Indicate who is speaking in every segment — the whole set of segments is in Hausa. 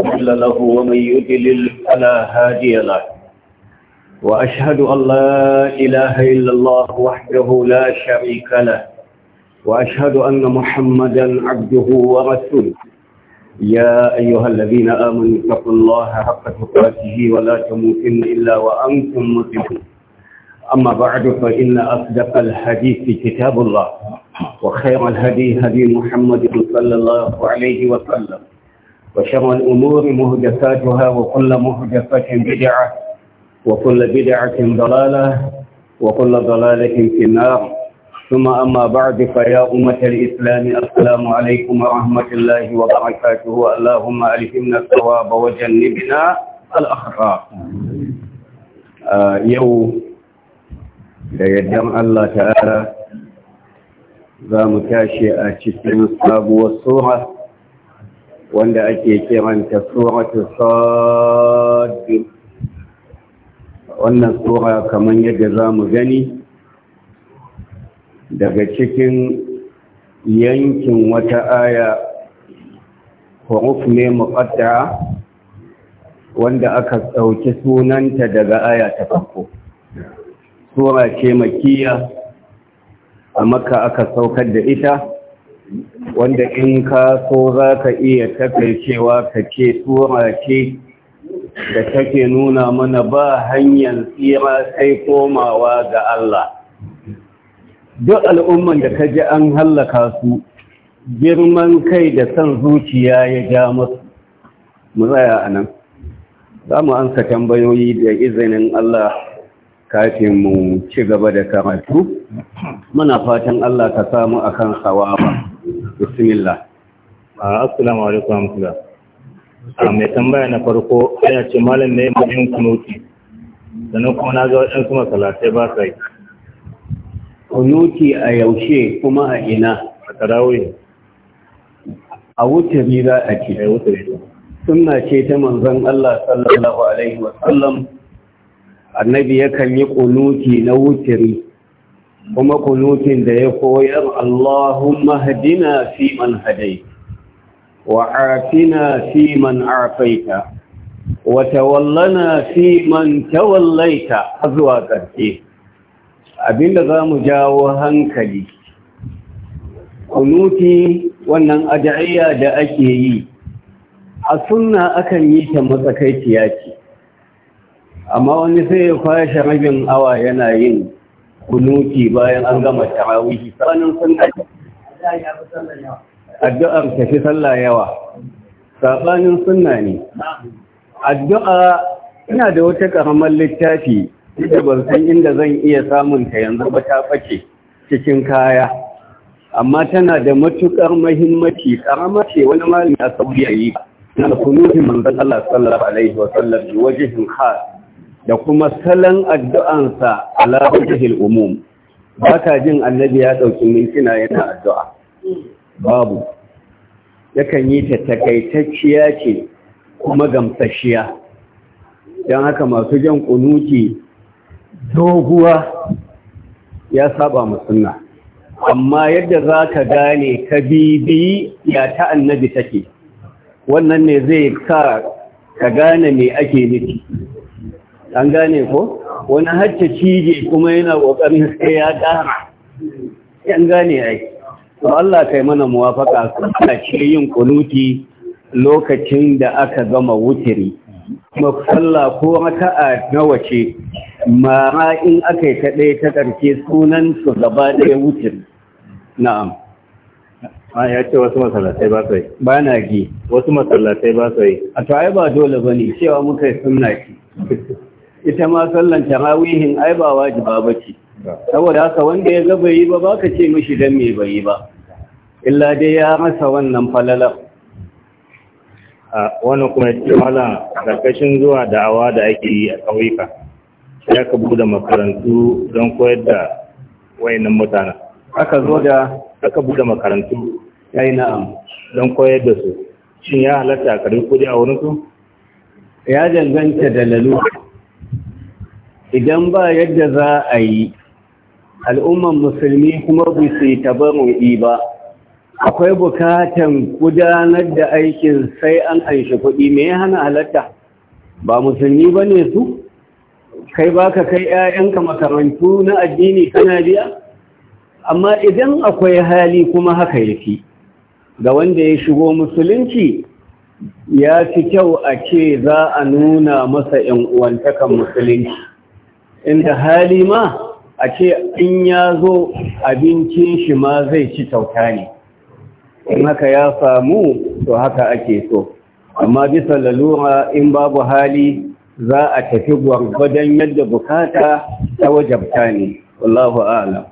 Speaker 1: مضل له ومن يدلل فلا هادي له وأشهد أن لا إله إلا الله وحده
Speaker 2: لا شريك
Speaker 1: له وأشهد أن محمدا عبده ورسوله يا أيها الذين آمنوا اتقوا الله حق تقاته ولا تموتن إلا وأنتم مسلمون أما بعد فإن أصدق الحديث كتاب الله وخير الهدي هدي محمد صلى الله عليه وسلم وشر الأمور مهدفاتها وكل مهدفة بدعة وكل بدعة ضلالة وكل ضلالة في النار ثم أما بعد فيا أمة الإسلام السلام عليكم ورحمة الله وبركاته اللهم ألهمنا الثواب وجنبنا الأخطاء آه يوم يدعم الله تعالى ذا متاشئة تشتري الصاب والصورة wanda ake kiranta suratu sadi wannan sura kamar yadda za mu gani daga cikin yankin wata aya huruf ne muqatta wanda aka ɗauki sunanta daga aya ta farko sura ce makiya a maka aka saukar da ita wanda in ka so za ka iya takaicewa ka ke tura ce da take nuna mana ba hanyar tsira sai komawa ga Allah duk al'umman da ka ji an hallaka su girman kai da san zuciya ya ja masu mu a nan za mu sakan tambayoyi da izinin Allah kafin mu ci gaba da karatu muna fatan Allah ka samu akan sawaba bismillah assalamu alaikum amtula a mai tambaya na farko ya ce malam ne yin kunuti sannan kuma na ga waɗansu masalatai ba sa yi kunuti a yaushe kuma a ina a tarawih a wutari za a ce a eh, wutari sunna ce ta manzon Allah sallallahu alaihi wa sallam annabi yakan yi kunuti na wutari kuma kunutin da ya koyar Allahumma hadina fi man hadai wa afina fi man afaita wa tawallana fi man tawallaita zuwa ƙarshe abinda za mu jawo hankali kunuti wannan adaiya da ake yi a sunna akan yi ta matsakaiciya ce amma wani sai ya kwashe rabin awa yana yin kunuti bayan an gama tarawihi sabanin sunna addu'ar tafi sallah yawa sabanin sunna ne addu'a ina da wata karamar littafi da ban san inda zan iya samun ta yanzu ba ta fake cikin kaya amma tana da matukar muhimmanci karama ce wani malami a sauriya yi na kunuti manzon Allah sallallahu alaihi wa sallam wajihin khas da kuma salon addu'ansa a lafihil umum ba ka jin annabi ya ɗauki mintuna yana addu'a babu yakan yi ta takaitacciya ce kuma gamsashiya don haka masu jan ƙunuki doguwa ya saba musulna amma yadda za ka gane ka bibi ya ta annabi take wannan ne zai ka gane me ake nufi an gane ko wani hacce cije kuma yana ƙoƙarin sai ya ƙara an gane ai to Allah kai mana muwafaka kana ce yin kunuti lokacin da aka gama wutiri kuma sallah ko raka'a nawa ce mara in aka yi ta ɗaya ta ƙarshe sunan su gaba ɗaya wutiri na'am a ah, ya ce wasu masallatai ba sai ba na ji wasu masallatai ba sai a to ai ba dole bane cewa muka yi sunna ki ita ma sallan tarawihin ai ba wajiba bace saboda haka wanda ya gaba yi ba baka ce mishi dan me bai yi ba illa dai ya rasa wannan falalar a wannan kuma ce mala karkashin zuwa da'awa da ake yi a ƙauyuka ya ka buɗe makarantu don koyar da wayannan mutanen aka zo da aka buɗe makarantu yayi na'am don koyar da su shin ya halatta a karbi kudi a wurin su ya danganta da idan ba yadda za a yi al'umman musulmi kuma ba su yi ba akwai bukatan gudanar da aikin sai an aishi kuɗi me ya hana halatta ba musulmi ba ne su kai ba kai 'ya'yanka makarantu na addini kana biya amma idan akwai hali kuma haka yafi ga wanda ya shigo musulunci ya fi kyau a ce za a nuna masa 'yan uwantakan musulunci inda hali ma a ce in ya zo abincin shi ma zai ci kyauta ne in haka ya samu to haka ake so amma bisa lalura in babu hali za a tafi gwargwadon yadda bukata ta wajabta ne wallahu ala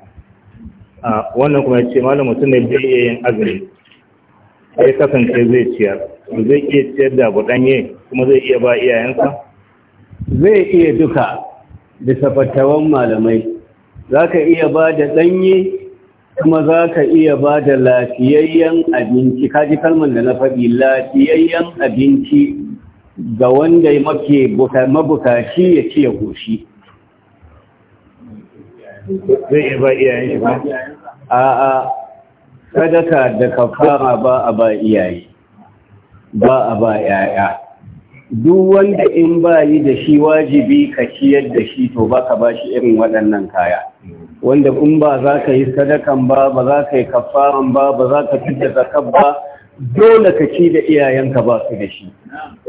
Speaker 1: wannan kuma ce malam mutum ne bai iya yin azumi sai kasance zai ciyar zai iya ciyar da abu danye kuma zai iya ba iyayensa zai iya duka bisa fattawan malamai za ka iya ba da ɗanye kuma za ka iya ba da lafiyayyen abinci kaji kalmar da na faɗi lafiyayyen abinci ga wanda mabukaci ya ci ya goshi
Speaker 2: zai iya ba iyayen shi ba
Speaker 1: a sadaka da kafara ba a ba iyaye ba a ba 'ya'ya duk wanda in ba yi da shi wajibi ka ciyar da shi to ba ka ba shi irin waɗannan kaya wanda in ba za ka yi sadakan ba ba za ka yi kafaran ba ba za ka fita zakat ba dole ka ci da iyayenka ba su da shi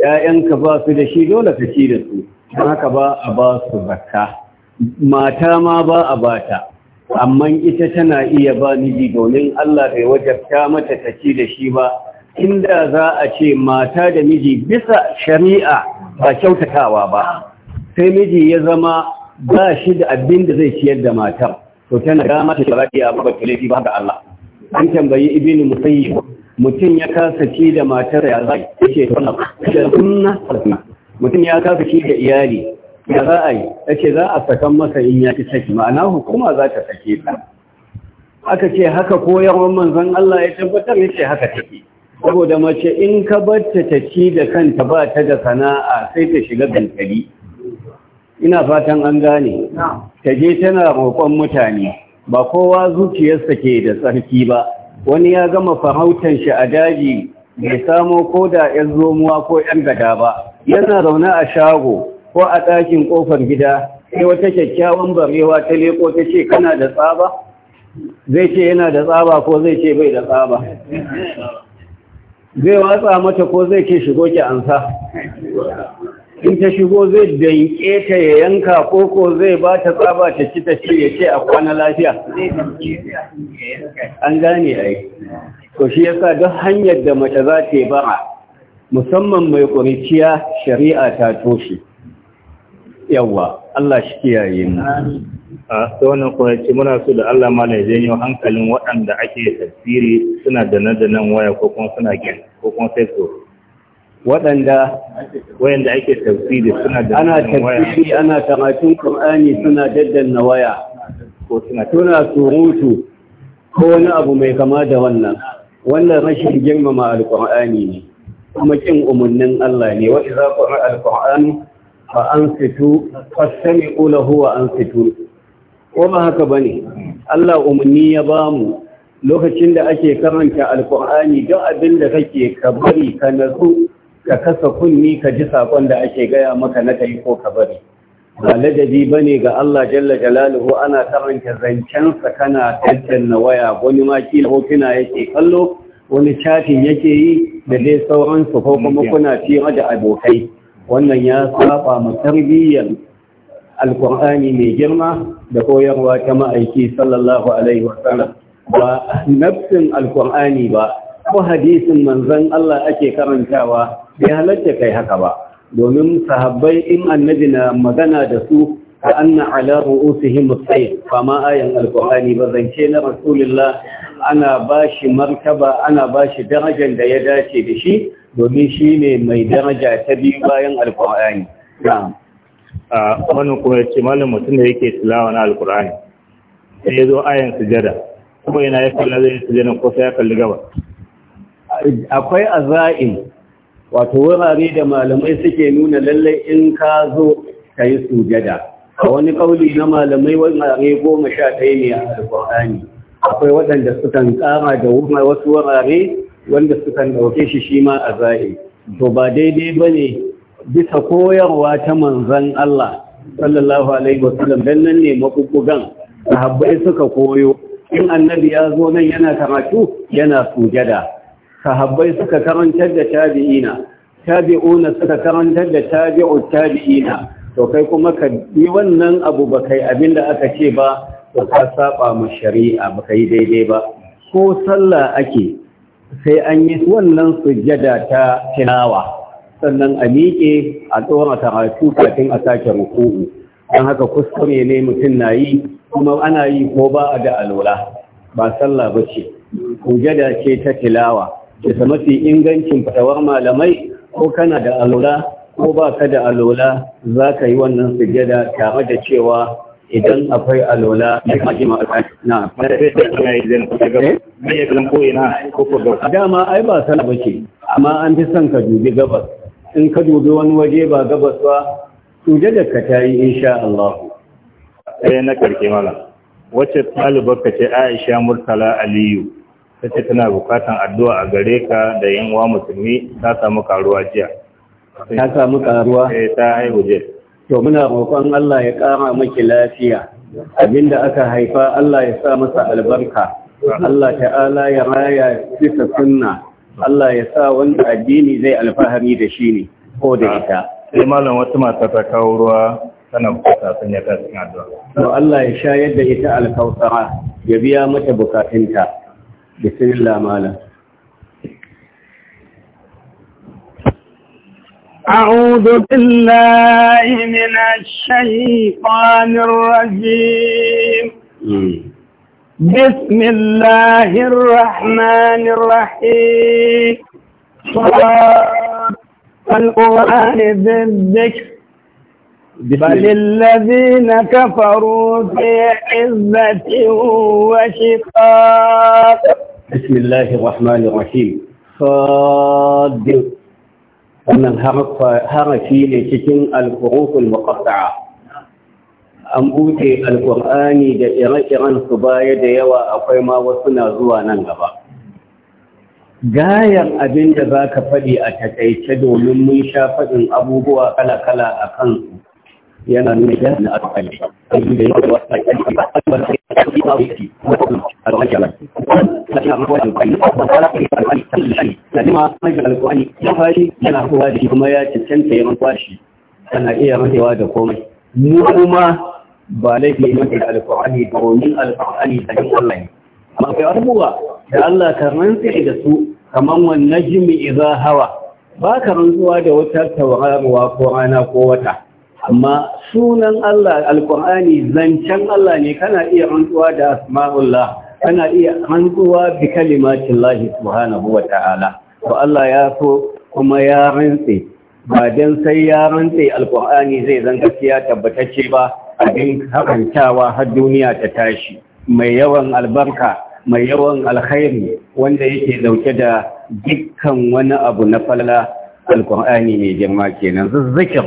Speaker 1: Iyayenka ba su da shi dole ka ci da su haka ba a ba su zakka mata ma ba a bata amma ita tana iya ba bi domin Allah bai wajabta mata ta ci da shi ba inda za a ce mata da miji bisa shari'a ba kyautatawa ba sai miji ya zama ba shi da abin da zai ciyar da matar to tana da mata da rafi a babbar laifi ba ga Allah an tambayi ibnu musayyib mutum ya kasa ci da matar ya zai yace wannan da sunna mutum ya kasa ci da iyali ya za a yi yace za a sakan masa in ya ci saki ma'ana hukuma za ta sake ta aka ce haka koyarwar manzon Allah ya tabbatar yace haka take saboda mace in ka barta ta ci da kanta ba ta da sana'a sai ta shiga gankali ina fatan an gane ta je tana roƙon mutane ba kowa zuciyarsa ke da tsarki ba wani ya gama farautan shi a daji bai samo ko da yan zomuwa ko yan gada ba yana zaune a shago ko a ɗakin ƙofar gida sai wata kyakkyawan barewa ta leƙo ta ce kana da tsaba zai ce yana da tsaba ko zai ce bai da tsaba zai watsa mata ko zai ke shigo ki ansa in ta shigo zai danke ta ya yanka ko ko zai ba ta tsaba ta ci ta ci ya ce a kwana lafiya an gane ai ko shi yasa duk hanyar da mace za ta yi bara musamman mai ƙuriciya shari'a ta toshe Yawa! Allah shi kiyaye mu a wannan kuma ce muna so da Allah ma na janyo hankalin waɗanda ake tafsiri suna da nan da nan waya ko kuma suna gen ko kuma sai so waɗanda wayanda ake tafsiri suna da ana tafsiri ana karatun Qur'ani suna daddanna waya ko suna suna surutu ko wani abu mai kama da wannan wannan rashin girmama Alƙur'ani ne kuma kin umarnin Allah ne wa idza qara alqur'an fa ansitu fastami'u lahu wa ansitu ko ba haka ba ne Allah umarni ya ba mu lokacin da ake karanta alkur'ani don abin da kake ka bari ka nazu ka kasa kunni ka ji sakon da ake gaya maka na kai ko ka bari ba ladabi ba ne ga Allah jalla jalaluhu ana karanta zancensa kana na waya wani ma na hotuna yake kallo wani chatin yake yi da dai sauransu ko kuma mm, kuna tira da abokai wannan ya saba mu tarbiyyar alkur'ani mai girma da koyarwa ta ma'aiki sallallahu alaihi wasallam ba nafsin alkur'ani ba ko hadisin manzon Allah ake karantawa bai halatta kai haka ba domin sahabbai in annabi na magana da su ka anna ala ru'usihim as ba ma ayan alkur'ani ba zance na rasulullah ana bashi martaba ana bashi darajar da ya dace da shi domin shi ne mai daraja ta biyu bayan alkur'ani na'am wani kuma ya ce malin mutum da yake tilawa na alkur'ani sai ya zo ayan sujada kuma yana ya kalli zai sujada ko sai ya kalli gaba akwai za'i. wato wurare da malamai suke nuna lallai in ka zo ka yi sujada a wani kauli na malamai wurare goma sha ɗaya ne a alkur'ani akwai waɗanda sukan ƙara da wasu wurare wanda sukan ɗauke shi shi ma a za'i to ba daidai ba ne bisa koyarwa ta manzan Allah sallallahu alaihi wasallam dan nan ne makukugan sahabbai suka koyo in annabi ya zo nan yana karatu yana sujada sahabbai suka karantar da tabi'ina tabi'una suka karantar da tabi'ut tabi'ina to kai kuma ka yi wannan abu ba kai abinda aka ce ba to ka saba mu shari'a ba kai daidai ba ko sallah ake sai an yi wannan sujada ta tilawa sannan a miƙe a tsohon karatu kafin a sake ruku'u don haka kuskure ne mutum na yi kuma ana yi ko ba a da alola ba sallah ba ce hujjada ce ta tilawa da mafi ingancin fatawar malamai ko kana da alola ko ba ka da alola za ka yi wannan sujjada tare da cewa idan akwai alola ya kaji ma'aikata na dama ai ba sana bace amma an fi son ka dubi gabas in ka dubi wani waje ba gabas ba da ka tayi yi insha Allah ɗaya na karke mala wacce ɗalibar ka ce Aisha Murtala Aliyu kace tana bukatan addu'a a gare ka da yin wa musulmi ta samu karuwa jiya ta samu karuwa eh ta haihu jiya to muna roƙon Allah ya ƙara miki lafiya abinda aka haifa Allah ya sa masa albarka Allah ta'ala ya raya bisa sunna Allah ya sa wanda addini zai alfahari da shi ne ko da ah, ita sai malam wata mata ta kawo ruwa tana bukata sun ya tashi addu'a to Allah ya shayar da ita alkausara ya biya mata bukatunta bismillah malam
Speaker 2: أعوذ بالله من الشيطان الرجيم بسم الله الرحمن الرحيم القرآن ذي الذكر بل الذين كفروا في عزة وشقاق بسم
Speaker 1: الله الرحمن الرحيم صاد wannan harafi ne cikin الحروف المقطعة an buɗe alƙur'ani da ire-iren su baya da yawa akwai ma wasu na zuwa nan gaba gayan abin da za ka faɗi a takaice domin mun sha faɗin abubuwa kala-kala a kansu yana nuna yana na alƙali da shi kuma ya cancanta kwashi ana iya da komai mu kuma ba laifi ne da domin alƙur'ani da yin Allah ne amma kai abubuwa da Allah ka rantsa da su kamar wan jimi idza hawa ba ka rantsuwa da wata tawarwa ko rana ko wata amma sunan Allah alƙur'ani zancen Allah ne kana iya rantsuwa da asma'ullah kana iya rantsuwa bi kalimatin lahi subhanahu wa ta'ala to Allah ya so kuma ya rantse ba don sai ya rantse alkur'ani zai zan gaskiya tabbatacce ba abin karantawa har duniya ta tashi mai yawan albarka mai yawan alkhairi wanda yake dauke da dukkan wani abu na falla alkur'ani mai girma kenan zizzikir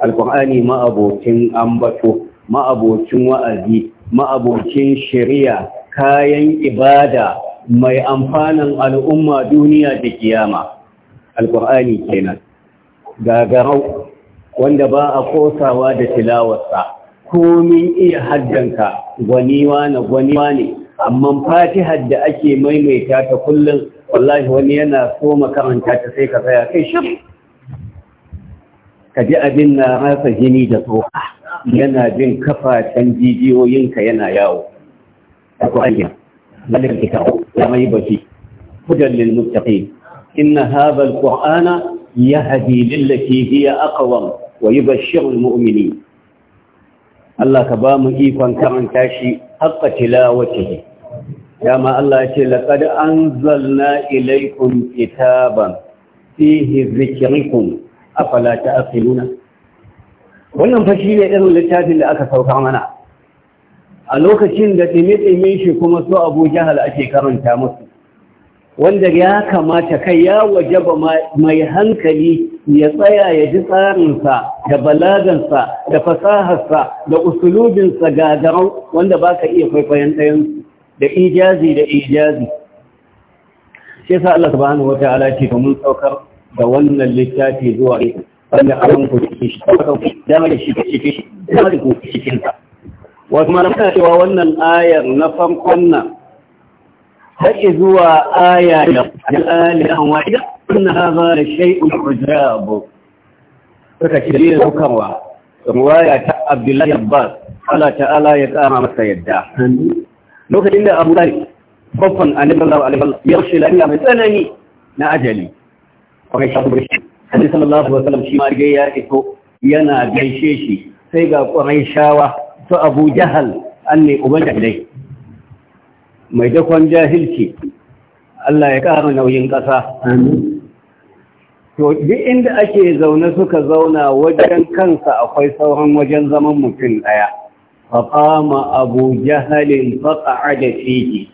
Speaker 1: alkur'ani ma'abokin ambato ma'abokin wa'azi ma'abokin shari'a kayan ibada mai amfanin al'umma duniya da kiyama alkur'ani kenan gagarau wanda ba a kosawa da tilawarsa komin iya haddanka gwaniwa na gwaniwa ne amma fatihar da ake maimaita ta kullum wallahi wani yana so makaranta ta sai ka tsaya kai shi. ka ji abin na rasa jini da tsoka yana jin can jijiyoyinka yana yawo da ku'ayyar malik kitabu ya mai bashi hudan lil inna haɓar yahdi lillati hiya aqwam wa yubashshiru almu'minin Allah ka ba mu ikon karanta shi haqqa tilawatihi dama Allah ce laqad anzalna ilaykum kitaban fihi dhikrukum afala ta'qiluna wannan fa shine irin littafin da aka sauka mana a lokacin da dimi-dimin shi kuma su Abu Jahal ake karanta musu wanda ya kamata kai ya wajaba mai hankali ya tsaya ya ji tsarinsa da balagansa da fasaharsa da usulubinsa gagarau wanda ba ka iya kwaikwayon ɗayansu da ijazi da ijazi shi yasa Allah subhanahu wa ta'ala ce mun saukar da wannan littafi zuwa ga wanda an ku cikin shi ka ku dama da shi cikin shi dama da ku cikin sa Wasu malamai cewa wannan ayar na farkon nan har zuwa aya da alihan wa'ida suna haza da shai'un hujabu suka shirya hukanwa ruwaya ta abdullahi abbas Allah ta'ala ya kama masa yadda lokacin da abu dai babban annabawa alaihi ya shi lafiya mai tsanani na ajali kuma shi abu shi annabi sallallahu alaihi wasallam shi ma ya ito yana gaishe shi sai ga quraishawa to abu jahal anni ubangiji mai dakon jahilci Allah ya ƙara nauyin ƙasa to duk inda ake zaune suka zauna wajen kansa akwai sauran wajen zaman mutum ɗaya faƙama abu jahalin faƙa'a da fiye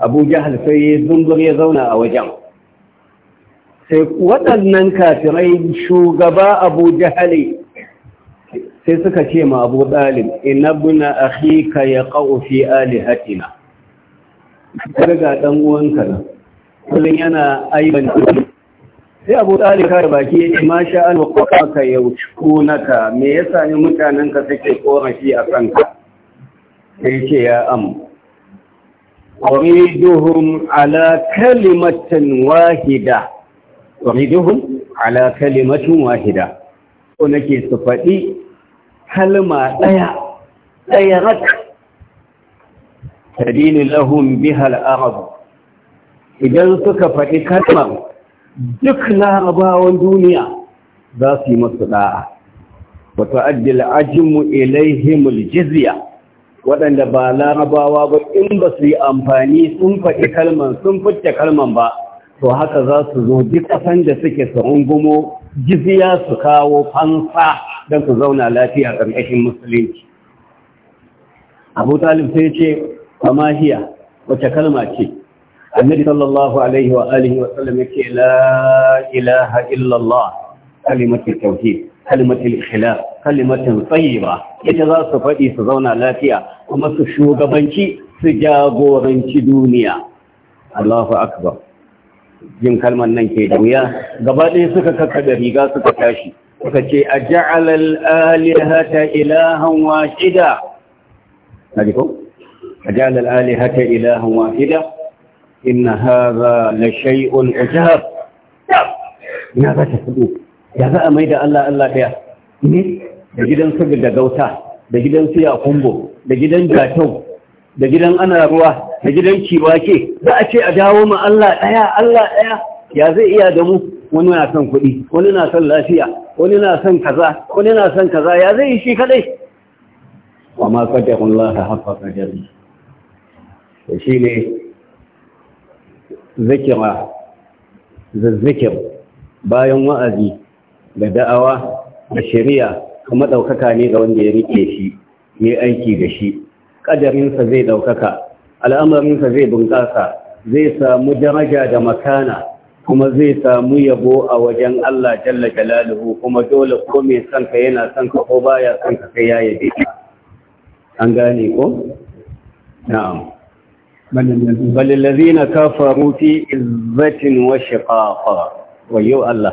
Speaker 1: abu jahal sai yi zumbur ya zauna a wajen sai waɗannan kafirai shugaba abu jahali sai suka ce ma abu ɗalin, ina buna ka ya ƙa'ufi fi alihatina daga ga dan uwanka nan kullun yana aiban kuɗi sai abu tsari kare baki ya ce ma sha an wakwaka ka yauci naka me ya sami mutanenka suke korafi a kanka sai ce ya am ƙwariduhun ala kalimatin wahida ƙwariduhun ala kalimatin wahida ko nake su faɗi kalma ɗaya
Speaker 2: ɗaya raka
Speaker 1: tadini lahum biha al idan suka faɗi kalmar duk larabawan duniya za su yi masu da'a wato ta'addil ajimu ilaihim al-jizya waɗanda ba larabawa ba in ba su yi amfani sun faɗi kalman sun fitta kalman ba to haka za su zo duk ƙasan da suke su rungumo jizya su kawo fansa don su zauna lafiya ƙarƙashin musulunci abu talib sai ce fama hiya wace kalma ce annabi sallallahu alaihi wa alihi wa sallam yake la ilaha illallah kalimatul tauhid kalimatul ikhlas kalimatul tayyiba ita za su faɗi su zauna lafiya kuma su shugabanci su jagoranci duniya Allahu akbar jin kalmar nan ke da wuya gaba ɗaya suka kakkaɗa riga suka tashi suka ce a ja'alal alihata ilahan wahida na ko أجعل الآلهة إله واحدة إن هذا لشيء عجاب يا ذا تسبوك يا ذا أميد الله الله يا ne da gidansu da gauta da gidansu ya kumbo da gidan jatau da gidan ana ruwa da gidan kiwake za a ce a dawo mu Allah ɗaya Allah ɗaya ya zai iya da mu wani na son kuɗi wani na son lafiya wani na son kaza wani na son kaza ya zai yi shi kadai wa ma qadarullah haqqa qadari da shi ne zikira zazzikir bayan wa'azi da da'awa da shari'a kuma ɗaukaka ne ga wanda ya rike shi ya aiki da shi ƙadarinsa zai ɗaukaka al'amarinsa zai bunƙasa zai samu daraja da makana kuma zai samu yabo a wajen Allah jalla jalaluhu kuma dole ko mai sanka yana sanka, ko baya son kai yayi da an gane ko na'am
Speaker 2: بل
Speaker 1: الذين كفروا في عزة وشقاق Allah? الله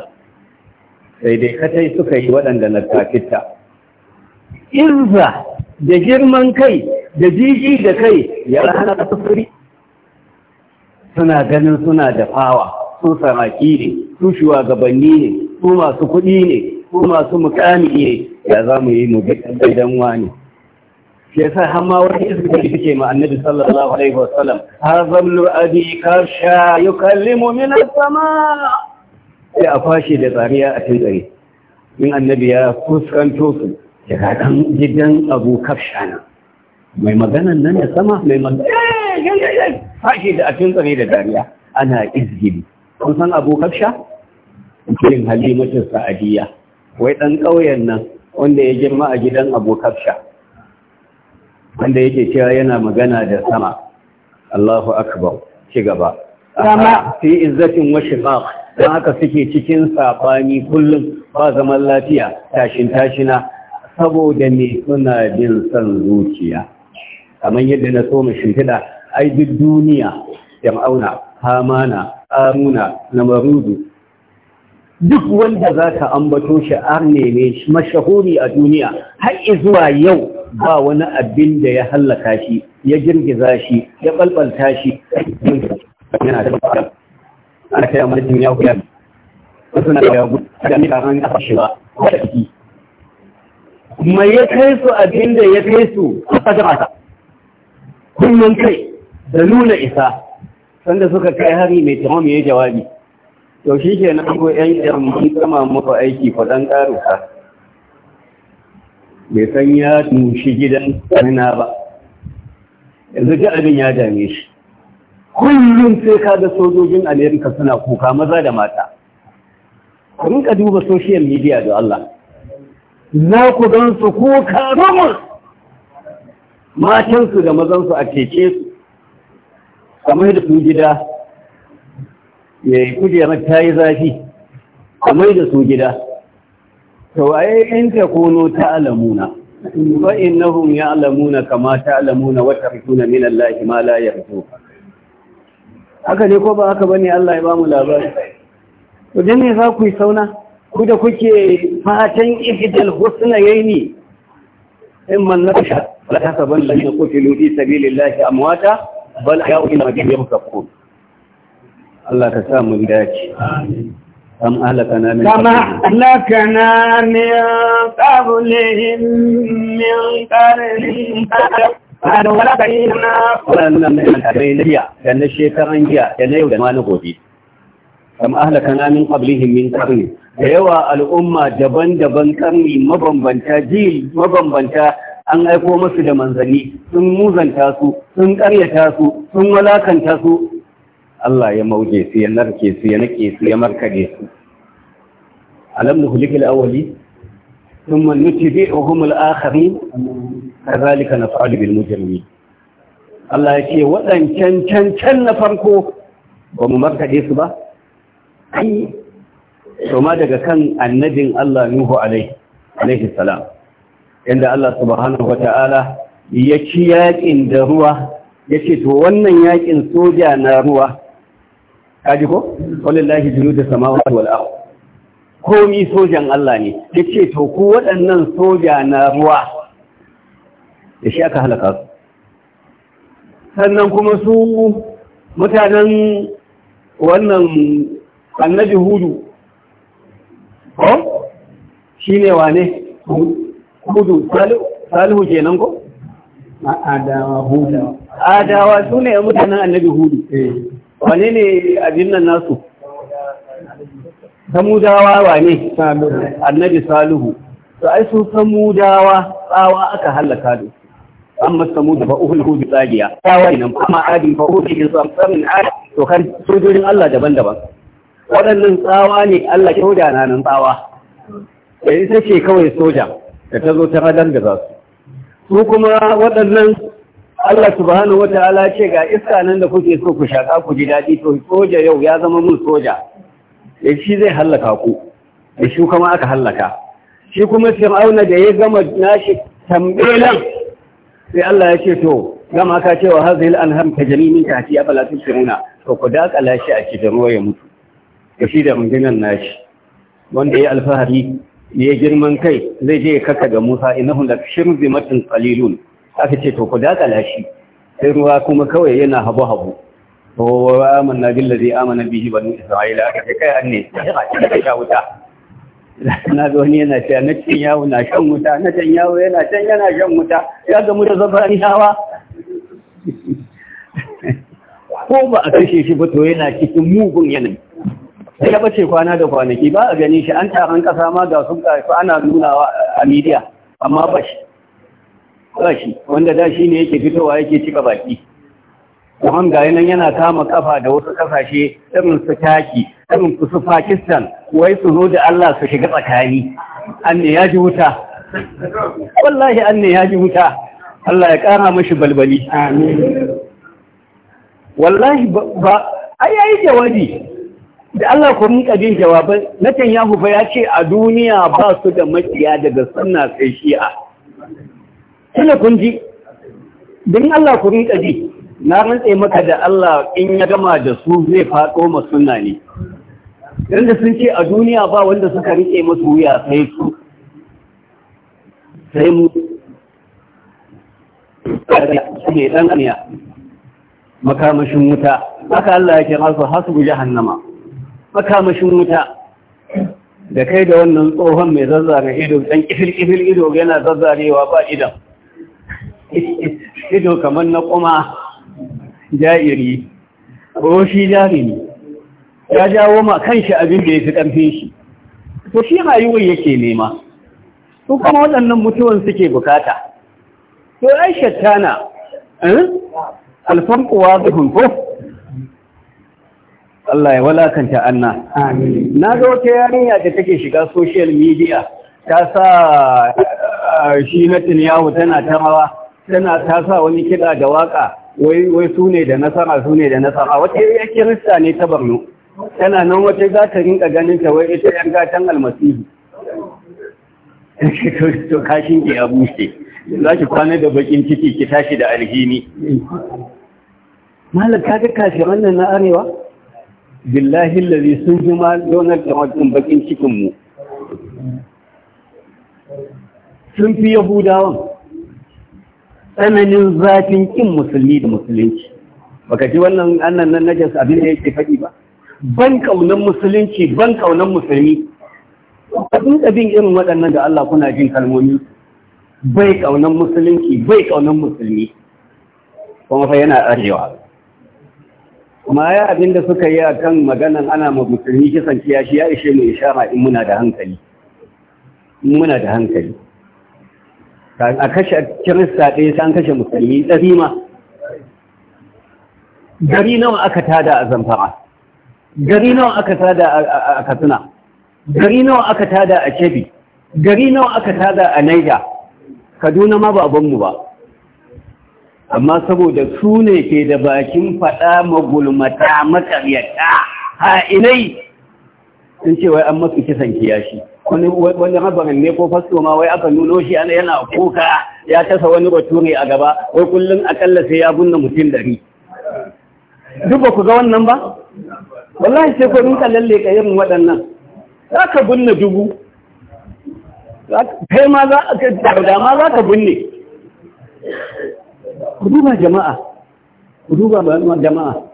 Speaker 1: sai dai katai suka yi waɗanda na kafita
Speaker 2: irza
Speaker 1: da girman kai da jiji da kai ya rana sufuri suna ganin suna da fawa su saraki ne su shugabanni ne su masu kuɗi ne su masu mukami ne ya za mu yi mu bi ɗan wani shi yasa har ma wani izini ma annabi sallallahu alaihi wa sallam zamlu abi karsha yukallimu min as-sama sai a fashi da tsariya a cikin tsare in annabi ya fuskanto su daga dan gidan Abu na mai maganan nan da sama mai magana
Speaker 2: eh,
Speaker 1: fashi da a cikin tsari da dariya ana izgili kun san Abu karsha cikin halimatu sa'adiyya wai dan ƙauyen nan wanda ya girma a gidan Abu Kafsha wanda yake cewa yana magana da sama Allahu akbar ci gaba amma fi izzatin wa shiqaq dan haka suke cikin sabani kullum ba zaman lafiya tashin tashina saboda ne suna bin san zuciya kamar yadda na so mu shimfida ai duk duniya jam'auna hamana amuna marudu. duk wanda za ka ambato shi an neme shi mashahuri a duniya har zuwa yau ba wani abin da ya hallaka shi ya girgiza shi ya balbalta shi yana da ba ana kai amma jin ya kuya na da ya gudu da ne kan ya fashi ba ta ciki mai ya kai su abin da ya kai su a fata
Speaker 2: kunnan kai
Speaker 1: da nuna isa sanda suka kai hari mai tamam ya jawabi Yaushe shi ke nan ko yan yan kama muku aiki faɗan ƙaruka bai san ya nushi gidan karna ba yanzu ga abin ya dame shi
Speaker 2: kullum
Speaker 1: sai ka ga sojojin amerika suna kuka maza da mata kun ka duba social media da Allah za ku don su kuka matan su da su a keke su kamar da su gida ya kujerar ta yi zafi kamar da su gida in ta kuno ta alamuna wa innahum ya'lamuna kama ta'lamuna wa tarjuna min Allahi ma la yarju haka ne ko ba haka bane Allah ya ba mu labari to dan ne za ku yi sauna ku da kuke fatan ihdal husnayaini in man nasha la tasaban la yuqtilu fi sabilillahi amwata bal ya'u ila rabbihim Allah ta sa dace amin كم أهلكنا من كما
Speaker 2: أهلكنا من قبلهم من قرن wala bari na wannan alhadai
Speaker 1: na jiya da na shekaran jiya da na yau da mani gobe kam ahlaka na min qablihim min qarni da yawa al'umma daban-daban karni mabambanta jil mabambanta an aiko musu da manzanni sun muzanta su sun karyata su sun walakanta su Allah ya mauje su ya narke su ya nake su ya markade su alam nuhlikil awwali thumma nutbi'uhum al-akhirin kadhalika naf'alu bil mujrimin Allah ya ce waɗancan can can na farko ba mu markade su ba ai to ma daga kan annabin Allah Nuhu alaihi alaihi salam inda Allah subhanahu ta'ala ya ci yakin da ruwa ya ce to wannan yakin soja na ruwa kaji ko wallahi junudus samawati wal ardh komi sojan Allah ne yace to ku waɗannan soja na ruwa da shi aka halaka su sannan kuma su mutanen wannan annabi hudu ko shi ne wane hudu salihu kenan ko adawa hudu adawa su ne mutanen annabi hudu eh. wane ne abin nan nasu samudawa wane annabi salihu to ai su samudawa tsawa aka halaka da su masu samudu da uhulhu hudu tsagiya tsawa nan kuma adin fa uhulhu bi samun adi to kan sojojin Allah daban-daban waɗannan tsawa ne Allah kyauda na nan tsawa da ita ce kawai soja da ta zo ta radar da za su su kuma waɗannan Allah subhanahu wa ta'ala ce ga iska nan da kuke so ku shaka ku ji daɗi to soja yau ya zama mun soja da shi zai hallaka ku da shi kuma aka hallaka shi kuma fir'auna da ya gama nashi tambayan sai Allah ya ce to gama ka cewa hazil anham jami min abala afala tusiruna to ku dakala shi a cikin ruwa ya mutu da shi da rundunan nashi wanda ya alfahari ya girman kai zai je ya kaka ga Musa innahum la matin qalilun aka ce to ku dakala shi sai ruwa kuma kawai yana habu habu to wa amanna billazi amana bihi banu isra'ila aka ce kai anne yana ta sha wuta na ga wani yana cewa na cin yawo na shan wuta na can yawo yana can yana shan wuta ya ga mu da zafani hawa ko ba a kashe shi ba to yana cikin mugun yanayi ya bace kwana da kwanaki ba a gani shi an taron kasa ma ga sun ana nunawa a midiya amma ba shi rashi wanda da shi ne yake fitowa yake cika baki Kuhan gaya nan yana kama kafa da wasu kasashe irin su taki irin su Pakistan wai su zo da Allah su shiga tsakani an ne ya ji wuta wallahi an ne ya ji wuta Allah ya kara mashi balbali wallahi ba ya yayi jawabi da Allah ku rinka jin jawaban Netanyahu fa ya ce a duniya ba su da makiya daga sunna sai shi'a kuna kun ji don Allah ku rinka ji na rantse maka da Allah in ya gama da su zai faɗo ma sunna ne don da sun ce a duniya ba wanda suka rike masu wuya sai su sai mu ne dan aniya makamashin wuta aka Allah ya kira su hasu hannama makamashin wuta da kai da wannan tsohon mai zazzare ido ɗan kifil kifil ido yana zazzarewa ba idan ido kamar na kuma ja'iri ko shi jarumi ya jawo ma kanshi abin da ya fi ƙarfin shi to shi rayuwar yake nema to kuma waɗannan mutuwan suke bukata to ai shattana eh? alfarkuwa da hunko Allah ya walakanta anna na ga wata yarinya da take shiga social media ta sa ah, shi na tana ta rawa tana ta sa wani kiɗa da waƙa wai su ne da nasara su ne da nasara wata ya kirista ne ta barno tana nan wata za ta rinka ganin ta wai ita yan gatan almasihu to kashin ki ya bushe za ki kwana da bakin ciki ki tashi da alhini malam kaga kafiran wannan na arewa billahi allazi sun ji ma donar da wajen bakin cikin mu sun fi yahudawan tsananin zafin kin musulmi da musulunci baka ji wannan annan nan najas abin da yake faɗi ba ban kaunan musulunci ban kaunan musulmi ka dinka bin irin waɗannan da Allah kuna jin kalmomi bai kaunan musulunci bai kaunan musulmi kuma fa yana arewa kuma ya abin da suka yi a kan maganan ana ma musulmi kisan kiyashi ya ishe mu ma in muna da hankali muna da hankali a kashe kirista ɗaya sai an kashe musulmi ɗari ma gari nawa aka tada a zamfara gari nawa aka tada a katsina gari nawa aka tada a cebi gari nawa aka tada a naija kaduna ma ba abinmu ba amma saboda su ne ke da bakin faɗa magulmata
Speaker 2: matsaryata
Speaker 1: ha'inai sun ce wai an masu kisan kiyashi wani wani habarin ne ko fasto ma wai aka nuno shi ana yana kuka ya tasa wani bature a gaba wai kullum akalla sai ya gunna mutum dari duk ba ku ga wannan ba wallahi sai ko rinka lalle ka irin waɗannan za ka gunna dubu kai ma za ka ma za ka binne ku duba jama'a ku duba jama'a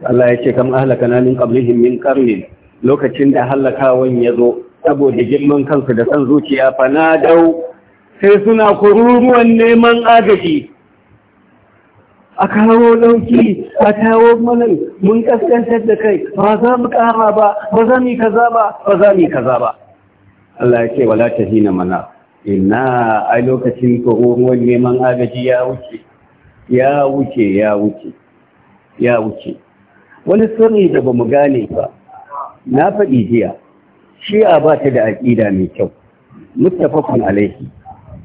Speaker 1: Allah ya ce kam ahlaka na min qablihim min ƙarni lokacin da wani ya zo saboda girman kansu da san zuciya fa na dau sai suna kururuwan neman agaji a kawo ɗauki, a kawo manan, mun ƙasƙantar da kai ba za mu ƙara ba ba za mu kaza ba ba za mu kaza ba Allah ya ce wala hina mana inna a lokacin kururuwan neman agaji ya wuce ya wuce ya wuce ya wuce wani sirri da ba mu gane ba na faɗi jiya shi'a ba ta da aƙida mai kyau muttafaqun alaihi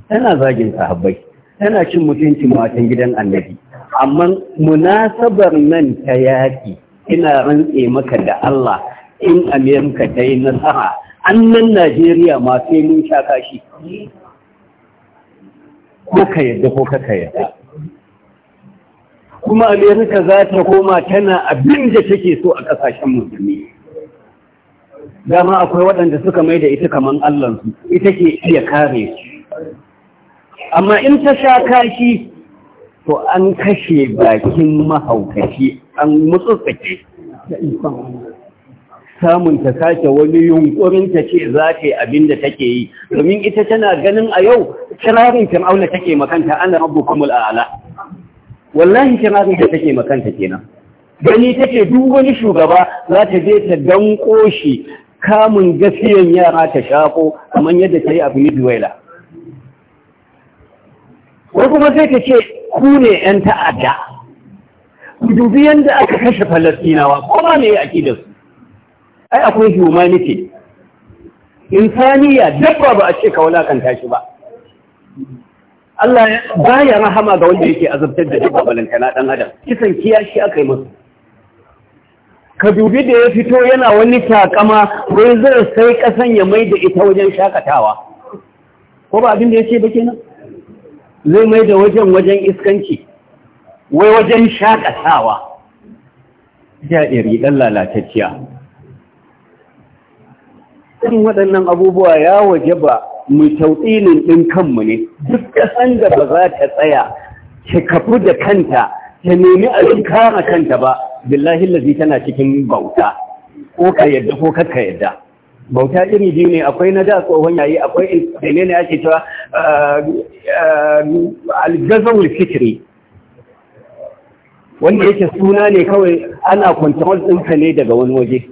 Speaker 1: tana zagin sahabbai tana cin mutuncin matan gidan annabi amma munasabar nan ta yaƙi ina rantse maka da Allah in Amerika ta yi nasara annan Najeriya ma sai mun sha kashi ko ka yadda ko ka yadda kuma amerika za ta koma tana abin da take so a ƙasashen musulmi dama akwai waɗanda suka mai da ita kaman allansu ita ke iya kare amma in ta sha kashi to an kashe bakin mahaukaci an mutsutsake samun ta sake wani yunkurin ta ce za ta yi abin da take yi domin ita tana ganin a yau kirarin auna take makanta ana rabu kumul a'ala wallahi shirarin da take makanta kenan gani take duk wani shugaba za ta je ta danko shi kamun gaskiyan yara ta shako kamar yadda ta yi a venezuela wai kuma sai ta ce ku ne 'yan ta'adda ku dubi yadda aka kashe falastinawa ko ma ne a su ai akwai humanity insaniya dabba ba a ce ka wulakanta shi ba Allah baya rahama ga wanda yake azabtar da dabba balantana dan adam kisan kiyashi aka yi masa ka dubi da ya fito yana wani takama wai zai sai kasan ya mai da ita wajen shakatawa ko ba abin da ya ce ba kenan zai mai da wajen wajen iskanci wai wajen shakatawa ya iri dan lalatacciya waɗannan abubuwa ya waje ba mu tautsilin ɗin kanmu ne duk ƙasan da ba za ta tsaya ta kafu da kanta ta nemi a abin kama kanta ba billahi lazi tana cikin bauta ko ka yadda ko ka yadda bauta iri biyu ne akwai na da tsohon yayi akwai ne ne ake cewa eh, eh, aljazawul fitri wanda yake suna ne kawai ana kwantarwar ɗinka ne daga wani waje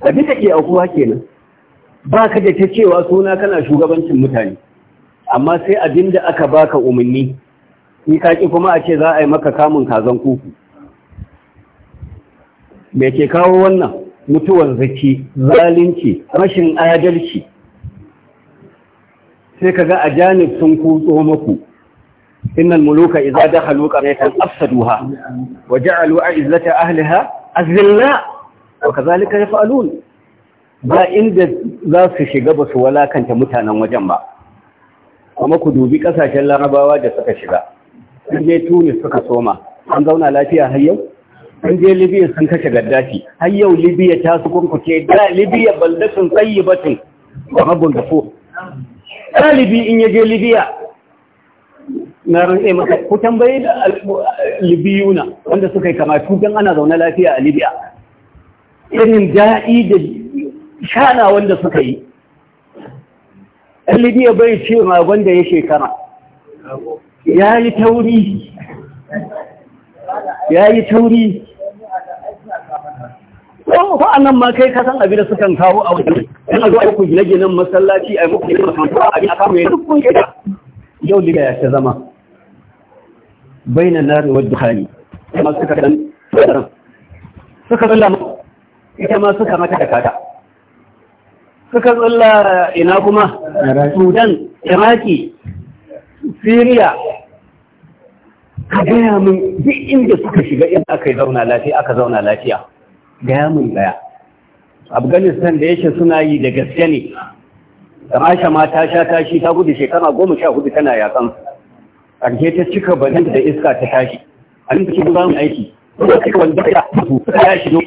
Speaker 1: abin da ke aukuwa kenan ba ka da ta cewa suna kana shugabancin mutane amma sai abin da aka baka umarni ni ka ki kuma a ce za a yi maka kamun kazan kuku me ke kawo wannan mutuwar zaki zalunci rashin adalci sai ka ga a janib sun kutso maku innal muluka idza dakhalu qaryatan afsaduha wa ja'alu a'izzata ahliha azilla wa kadhalika yaf'alun ba inda za su shiga ba su walakanta mutanen wajen ba kuma ku dubi kasashen larabawa da suka shiga sun je tunis suka soma an zauna lafiya har yau sun je libya sun kashe gaddafi har yau libya ta su kurkuce da libya baldatun tsayi batun da rabin gafo ɗalibi in ya je libya na rantse maka ku tambayi da libiyuna wanda suka yi kamatu don ana zaune lafiya a libya irin daɗi da shana wanda suka yi ɗalibiya bai ce ma wanda ya shekara
Speaker 2: ya yi tauri ya yi tauri
Speaker 1: wa'annan ma kai kasan abin da sukan kawo a wajen yana zuwa yi ku gina ginin masallaci a yi muku gine makarantu a abin a kama ya duk kun shida yau liga ya ta zama bainan narewar duhani kuma suka kan suka zalla ita ma suka mata da kata suka tsalla ina kuma sudan iraki syria ka gaya min duk inda suka shiga in aka yi zauna lafiya aka zauna lafiya gaya min daya afghanistan da yake suna yi da gaske ne rasha ma ta sha tashi ta gudu shekara goma sha hudu tana yakan ƙarshe ta cika banin da iska ta tashi a nan cikin zamu aiki kuma cika wanda ya su ya shigo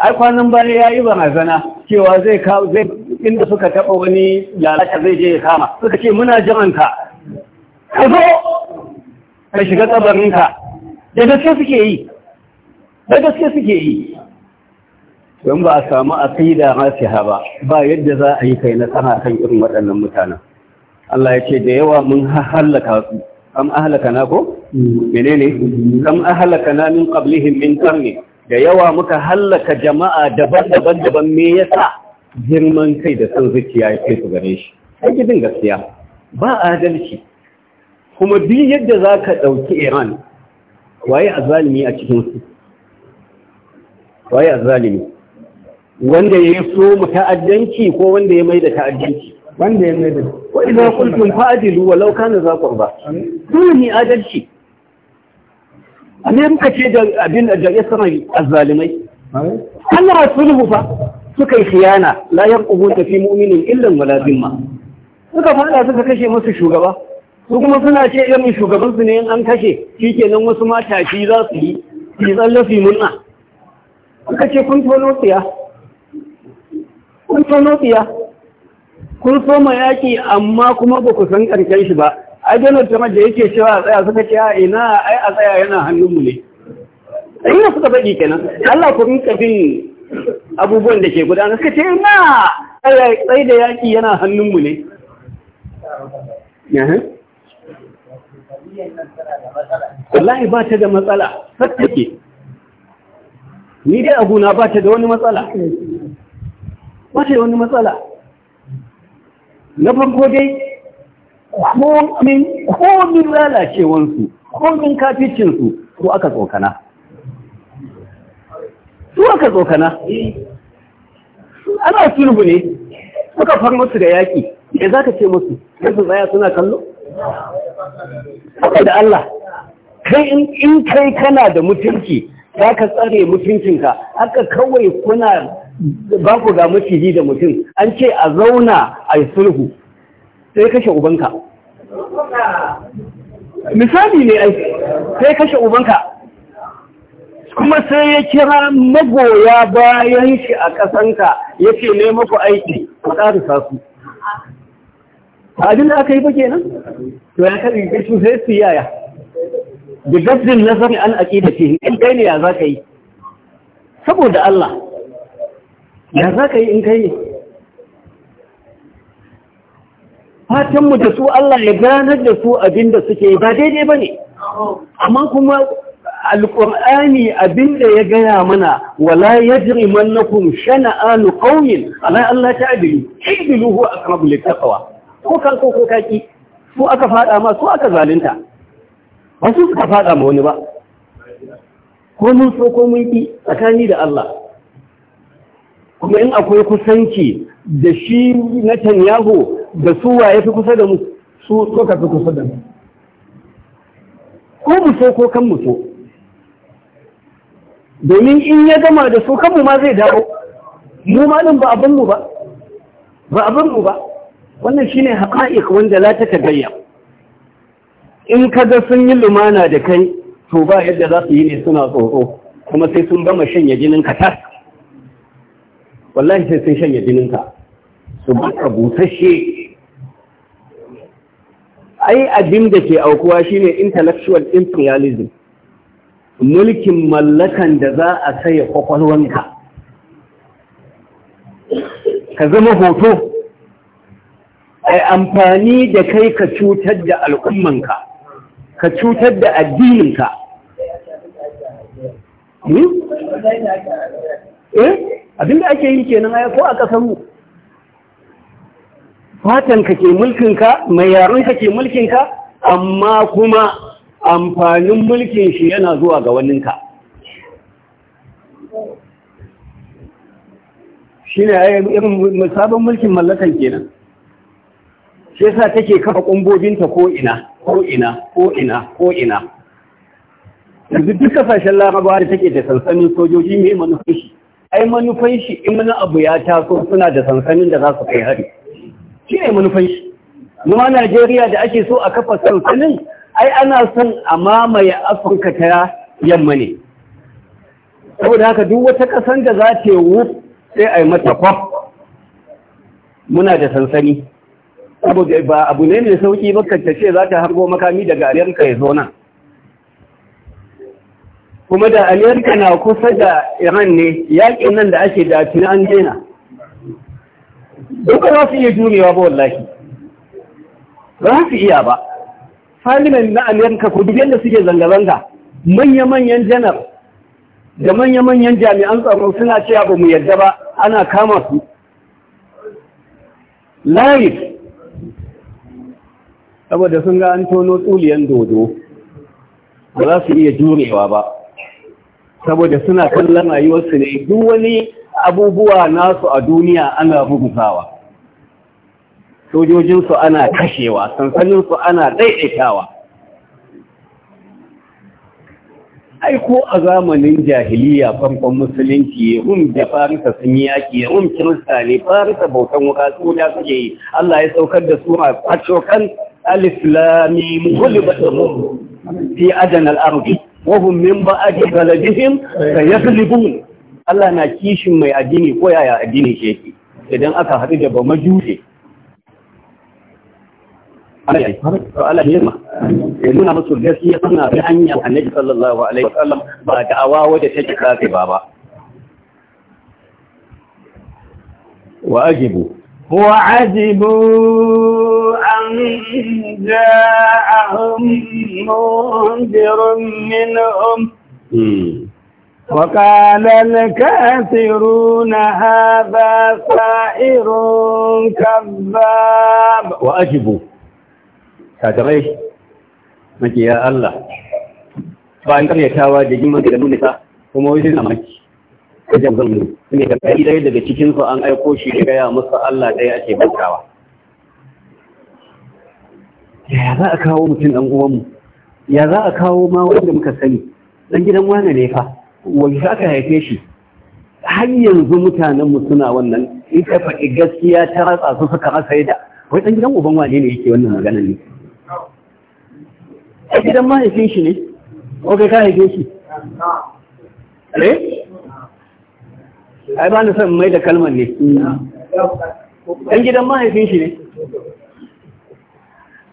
Speaker 1: ai kwanan baya ya yi barazana cewa zai zai inda suka taɓa wani lalata zai je ya kama suka ce muna jiranka ka zo ka shiga tsabarinka da gaske suke yi da gaske suke yi don ba a samu aqida nasiha ba ba yadda za a yi kai na sana kan irin waɗannan mutanen Allah ya ce da yawa mun halaka su am na ko menene kam na min qablihim min qarni da yawa muka hallaka jama'a daban-daban daban me yasa girman kai da son zuciya ya kai su gare shi ai gidin gaskiya ba adalci kuma bi yadda za ka ɗauki iran waye azalimi a cikin su waye azalimi wanda ya so mu ta'addanci ko wanda ya mai da ta'addanci wanda ya mai da wa idza qultum fa'adilu walau kana za ba? dole ne adalci muka ce da abin da ya sama azzalimai. Allah sulhu fa suka yi khiyana la ta fi mu'minin illan wala zimma. Suka fada suka kashe musu shugaba. Su kuma suna ce irin shugaban su ne in an kashe shikenan wasu mata shi za su yi su tsallafi munna. Suka ce kun tono tsiya. Kun tono tsiya. Kun soma yaki amma kuma ba ku san ƙarshen shi ba. ai donald ta maje yake cewa a tsaya suka ce a ina ai a tsaya yana hannunmu ne ina suka faɗi kenan allah ku rinka bin abubuwan da ke gudana suka ce ina tsaye da yaƙi yana hannunmu ne wallahi ba ta da matsala ke, ni dai abuna ba ta da wani matsala ba ta da wani matsala na farko dai komin lalacewansu komin kaficinsu su aka tsokana su aka tsokana ana sulhu ne suka far musu da yaƙi ya za ka ce musu da su tsaya suna kallo da Allah kai in kai kana da mutunci za ka tsare mutuncinka haka kawai kuna ba ku ga maciji da mutum an ce a zauna a yi sulhu sai kashe ubanka misali ne ai sai kashe ubanka kuma sai ya kira magoya bayan shi a ƙasanka ya ce ne maku aiki ku ƙarisa sasu. abin da aka yi ba kenan to ya kaɗi gashin sai su yaya da na nazari an da ce in kai ne ya za ka yi saboda Allah ya za ka yi in kai ne fatanmu da su Allah ya ganar da su abinda suke ba daidai ba ne amma kuma alƙur'ani abinda ya gaya mana wala ya jiri mannakun shana'anu ƙaunin ala Allah ta shi bi luhu a ta littattawa ko kanko ko kaki su aka fada ma su aka zalunta ba su suka fada ma wani ba ko mun so ko mun ƙi tsakani da Allah kuma in akwai kusanci da shi na Tanyahu da su wa ya fi kusa da mu su suka fi kusa da mu ko mu so ko kan mu so domin in ya gama da su mu ma zai dawo mu ma din ba abin mu ba ba abin mu ba wannan shine haqa'iq wanda la ta tabayya in ka ga sun yi lumana da kai to ba yadda za su yi ne suna tsoro kuma sai sun gama shanye jinin ka tas wallahi sai sun shanye jinin ka su baka busasshe ai abin da ke aukuwa shine intellectual imperialism mulkin mallakan da za a saye kwakwalwanka
Speaker 2: ka zama hoto
Speaker 1: a amfani da kai ka cutar da al'ummanka
Speaker 2: ka cutar da addininka hmm? eh? abinda ake yi
Speaker 1: kenan ko a ƙasar mu fatanka ke mulkinka mai yarenka ke mulkinka amma kuma amfanin mulkin shi yana zuwa ga waninka shi ne irin sabon mulkin mallakan kenan shi yasa take kafa kumbobinta ko'ina ko'ina ko'ina ko'ina yanzu duk kasashen larabawa da take da sansanin sojoji mai manufanshi, shi ai manufanshi shi in mana abu ya taso suna da sansanin da za su kai hari shi ne manufan shi kuma najeriya da ake so a kafa sansanin ai ana son a mamaye afirka ta yamma ne saboda haka duk wata kasan da za ta yi sai a yi mata kwaf muna da sansani saboda ba abu ne mai sauki makanta ce za ta harbo makami daga amerika ya zo nan kuma da amerika na kusa da iran ne yaƙin nan da ake da tunan an daina duk ba su iya jurewa ba wallahi ba su iya ba falimin na amerika ko duk yadda suke zanga-zanga manya-manyan janar da manya-manyan jami'an tsaro suna ce ba mu yadda ba ana kama su live saboda sun ga an tono tsuliyan dodo ba za su iya jurewa ba saboda suna kallon rayuwarsu ne duk wani abubuwa nasu a duniya ana rubutawa, sojojinsu ana kashewa sansaninsu ana daidaitawa ai ko a zamanin jahiliya farkon musulunci rum da farisa
Speaker 2: sun yi yaƙi rum
Speaker 1: kirista ne farisa bautan wuka tsoda suke yi Allah ya saukar da su a cokan alislami muhulibat rum fi adan al'arbi wahum min ba'adi galajihim sayaghlibun Allah na kishin mai addini ko yaya addini shi yake idan aka haɗu da ba majuje Allah ya nuna musu gaskiya suna bi hanyar annabi sallallahu alaihi wa wasallam ba da'awa wadda take kafe ba ba وأجبوا
Speaker 2: وعجبوا أن جاءهم منذر منهم مم. وقال الكافرون هذا سائر كذاب
Speaker 1: وأجبوا كاتريش مكي يا الله bayan karyatawa da jin maka da nuna ta kuma wai suna maki kajan zan ne da kai dai daga cikin su an aiko shi ya gaya musu Allah dai ake bantawa ya za a kawo mutum dan uwan za a kawo ma wanda muka sani dan gidan wane ne fa wajen aka haife shi har yanzu mutanenmu suna wannan in ka faɗi gaskiya ta ratsa su suka rasa yadda wai ɗan gidan uban wane ne yake wannan maganar ne a gidan mahaifin shi ne ok ka haife shi
Speaker 2: ne eh? ai ba ni son mai da kalmar ne ɗan gidan mahaifin shi ne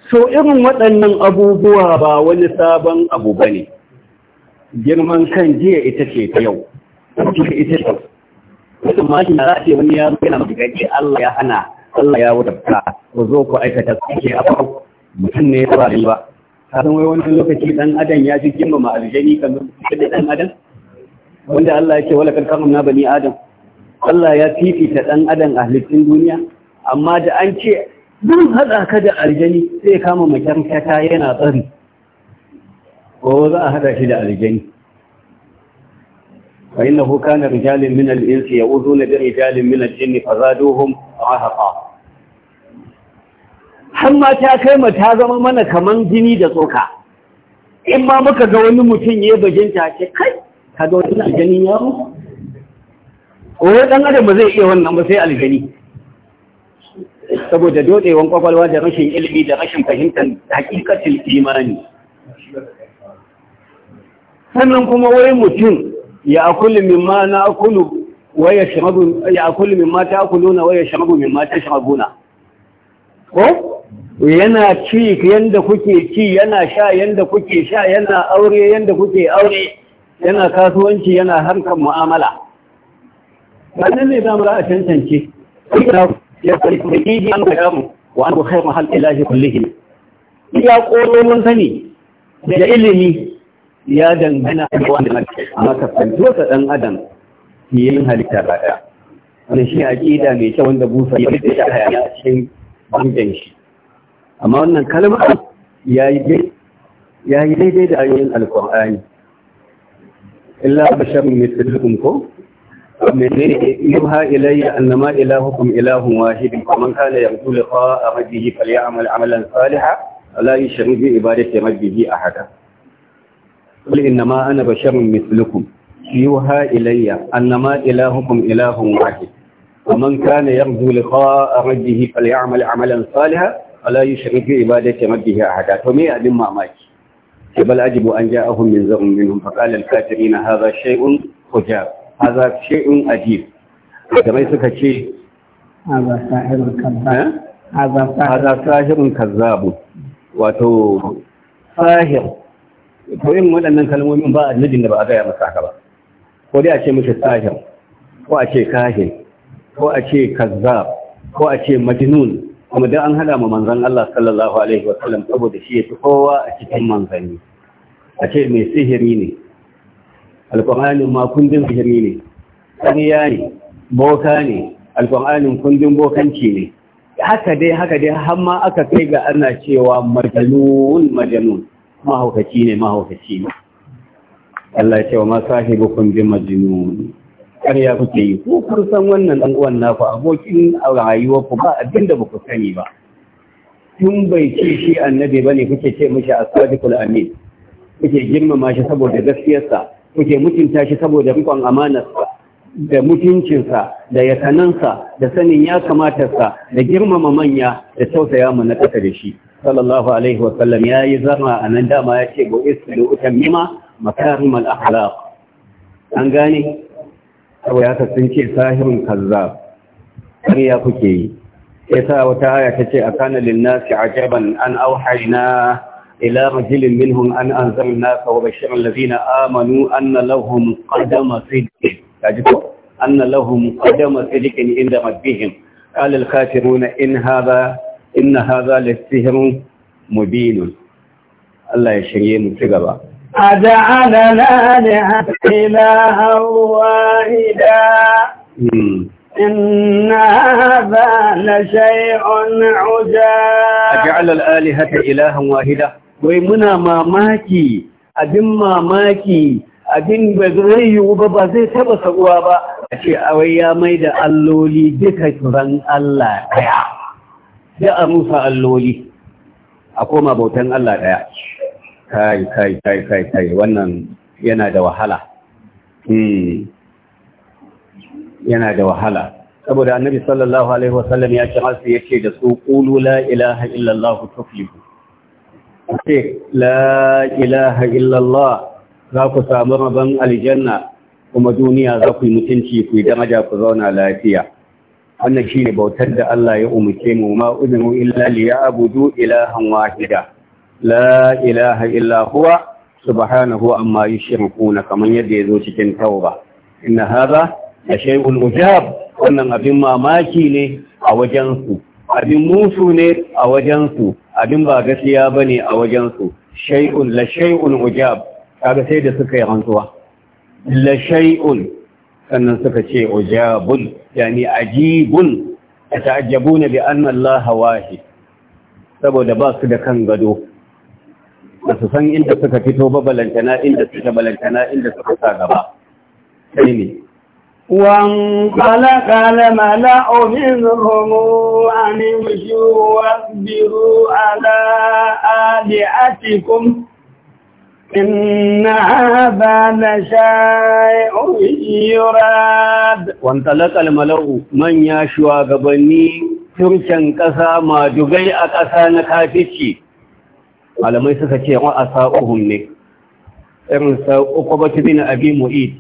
Speaker 1: so irin waɗannan abubuwa ba wani sabon abu ba ne girman kan jiya ita ce ta yau ita ita ta wata maki na rafi wani ya zo yana magagaji Allah ya hana Allah ya wadabta ku zo ku aikata suke a farko mutum ne ya ba ba kasan wai wani lokaci dan adam ya fi girma ma aljani kan da dan adam wanda Allah ya ce wala kan na bani adam Allah ya fifita dan adam a halittun duniya amma da an ce don haɗa ka da aljani sai kama makyarkata yana tsari ko za a hada shi da aljani fa innahu kana rijalun min al-insi ya'uduna bi rijalin min al-jinn fa zaduhum ahqa Amma ta kai ma ta zama mana kaman jini da tsoka in ma muka ga wani mutum ya bajinta ce kai ka ga wani aljanin yaro wani dan adam ba zai iya wannan ba sai aljani saboda dodewan kwakwalwa da rashin ilimi da rashin fahimtar hakikatin imani sannan kuma wai mutum ya akulu mimma na akulu ya shirabu ya akulu mimma ta akuluna waya shirabu mimma ta shirabuna ko yana ci yanda kuke ci yana sha yanda kuke sha yana aure yanda kuke aure yana kasuwanci yana harkar mu'amala wannan ne zamu ra'a tantance ya ji an ga mu wa an khairu hal ilahi kullihi ya koro mun sani da ilimi ya dangana da amma ka dan adam yin halittar raya wani shi aqida mai kyau wanda busa ya da haya a cikin bangan shi amma wannan kalmar ya yi daidai da ayoyin alkur'ani illa basharun mithlukum ko menene yubha ilayya annama ilahukum ilahun wahidin faman kana yarju liqa'a rabbih falyamal amalan salihan la yushrik bi ibadati rabbih قل إنما أنا بشر مثلكم يوحى إلي أنما إلهكم إله واحد ومن كان يرجو لقاء ربه فليعمل عملا صالحا ولا يشرك بعبادة ربه أحدا فمي أبن ماماك بل أجب أن جاءهم من زغم منهم فقال الكافرين هذا شيء خجاب هذا شيء عجيب كما يسكى شيء هذا ساحر كذاب هذا ساحر كذاب وتو ساحر koyin waɗannan kalmomin ba annabin da ba a gaya masa haka ba ko dai a ce mishi sahir ko a ce kahin ko a ce kazzab ko a ce majnun kuma da an hada ma manzon Allah sallallahu alaihi wa sallam saboda shi yafi kowa a cikin manzanni a ce mai sihiri ne alqur'anin ma kundin sihiri ne ƙarya ne boka ne alqur'anin kundin bokanci ne haka dai haka dai har ma aka kai ga ana cewa majanun majanun mahaukaci ne mahaukaci ne Allah ya ce wa ma sahibukum bi majnun ƙarya kuke yi ko kun san wannan dan uwan naku abokin rayuwar ku ba abinda ba ku sani ba tun bai ce shi annabi bane kuke ce mishi as-sadiqul amin kuke girmama shi saboda gaskiyarsa kuke mutunta shi saboda rikon amanarsa da mutuncinsa da yakanansa da sanin ya kamata sa da girmama manya da tausaya mu na ƙasa da shi sallallahu alaihi wa sallam ya yi zama a nan dama ya ce ba isu da utan mima makarim al'akhlaq an gane abu ya sun ce sahirin kaza. har ya kuke yi sai sa wata haya ta ce a kanalin kana linnasi ajaban an auhayna ila rajulin minhum an anzalna ka wa bashirin lazina amanu anna lahum qadama sidqin ji ko anna lahum qadama sidqin inda rabbihim qala al-kafiruna in hadha inna haza lasihrun mubinun Allah ya shirye mu ci gaba
Speaker 2: أجعلنا لإلها واحدا إن هذا لشيء عجاب
Speaker 1: أجعل الآلهة إلها واحدا ومنا Wai muna mamaki? abin ba zai yiwu ba ba zai taɓa sabuwa ba a ce awai ya mai da alloli duka turan Allah ɗaya sai a rusa alloli a koma bautan Allah ɗaya kai kai kai kai kai wannan yana da wahala hmm. yana da wahala saboda annabi sallallahu alaihi wasallam ya ce hasu yace da su qulu la ilaha illa allah tuflihu ce la ilaha illa za ku samu rabon aljanna kuma duniya za ku yi mutunci ku yi daraja ku zauna lafiya wannan shine bautar da Allah ya umarce mu ma uzimu illa liya'budu ilahan wahida la ilaha illa huwa subhanahu amma yushrikuna kaman yadda yazo cikin tauba inna hadha la ujab wannan abin mamaki ne a wajen su abin musu ne a wajen su abin ba gaskiya bane a wajen su shay'un la shay'un ujab kaga sai da suka yi rantsuwa la shay'un sannan suka ce ujabun yani ajibun yata'ajjabuna bi anna Allah wahid saboda ba su da kan gado ba su san inda suka fito ba balantana inda
Speaker 2: suka balantana
Speaker 1: inda suka sa gaba sai ne
Speaker 2: وانطلق الملأ منهم أن امشوا واصبروا على آلهتكم إن هذا لشيء يراد وانطلق
Speaker 1: الملو من يشوى قبني ترشن قسا ما دقي أقسا نكافتشي على ما يسكتي وأساؤهم نك إرن سأقبة بن أبي مؤيد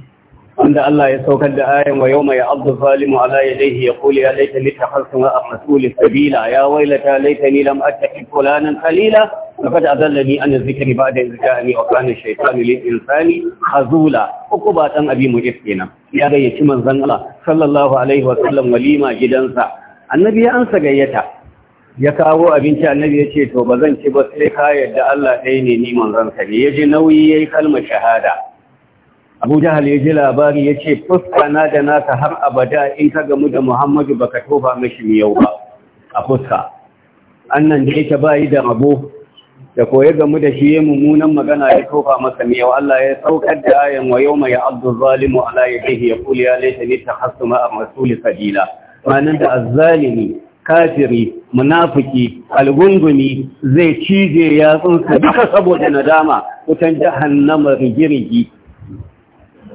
Speaker 1: عند الله يسوك الدعاية ويوم يعض الظالم على يديه يقول يا ليتني اتخذت مع الرسول سبيلا يا ويلتى ليتني لم أتخذ فلانا خليلا لقد أذلني عن الذكر بعد إذ جاءني وكان الشيطان للإنسان خذولا عقبة أبي مجفنا يا غيتي من زن الله صلى الله عليه وسلم وليما جدنسا النبي يا أنسى غيتا ya kawo abinci annabi ya ce to bazan ci ba sai ka yadda Allah ɗaya ne ni manzon sa ne ya ji nauyi ya kalma shahada Abuja Jahal ya ji labari ya ce fuska na da naka har abada in ka gamu da Muhammadu baka toba mashi miyau ba a fuska annan da yake bayi da rabo da koyar gamu da shi ya mummunan magana ya tofa masa yau Allah ya saukar da ayan wa yau mai abdul zalimu ala ya kai ya kuli ya laita ni ta hasu ma'a masuli sabila ranar da azzalimi kafiri munafiki algungumi zai cije yatsunsa duka saboda nadama wutan jahannama rigirigi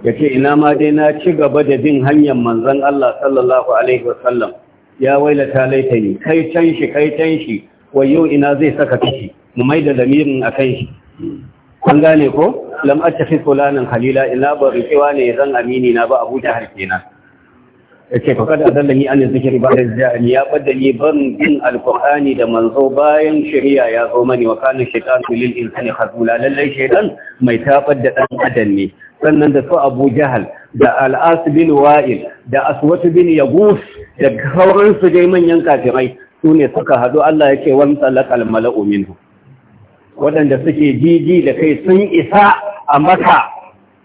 Speaker 1: ya ce ina ma dai na ci gaba da bin hanyar manzon Allah sallallahu alaihi wasallam ya wailata laita ni kai can shi kai can shi wayo ina zai saka kashi? mu mai da lamirin a kai an gane ko lam tafi fulanin halila ina ba rikewa ne zan amini na ba abuja har kenan yace fa kada adallani an zikri ba da ni ya baddani ban bin alqur'ani da manzo bayan shari'a ya zo mani wa kana shaytanu lil insani khazula lallai shaiɗan. mai taɓar da dan adam ne sannan da su Abu Jahal da al bin Wa'il da Aswat bin yaguf da sauransu dai manyan kafirai su ne suka hadu Allah yake wan lakal mala'u minhu waɗanda suke jiji da kai sun isa a maka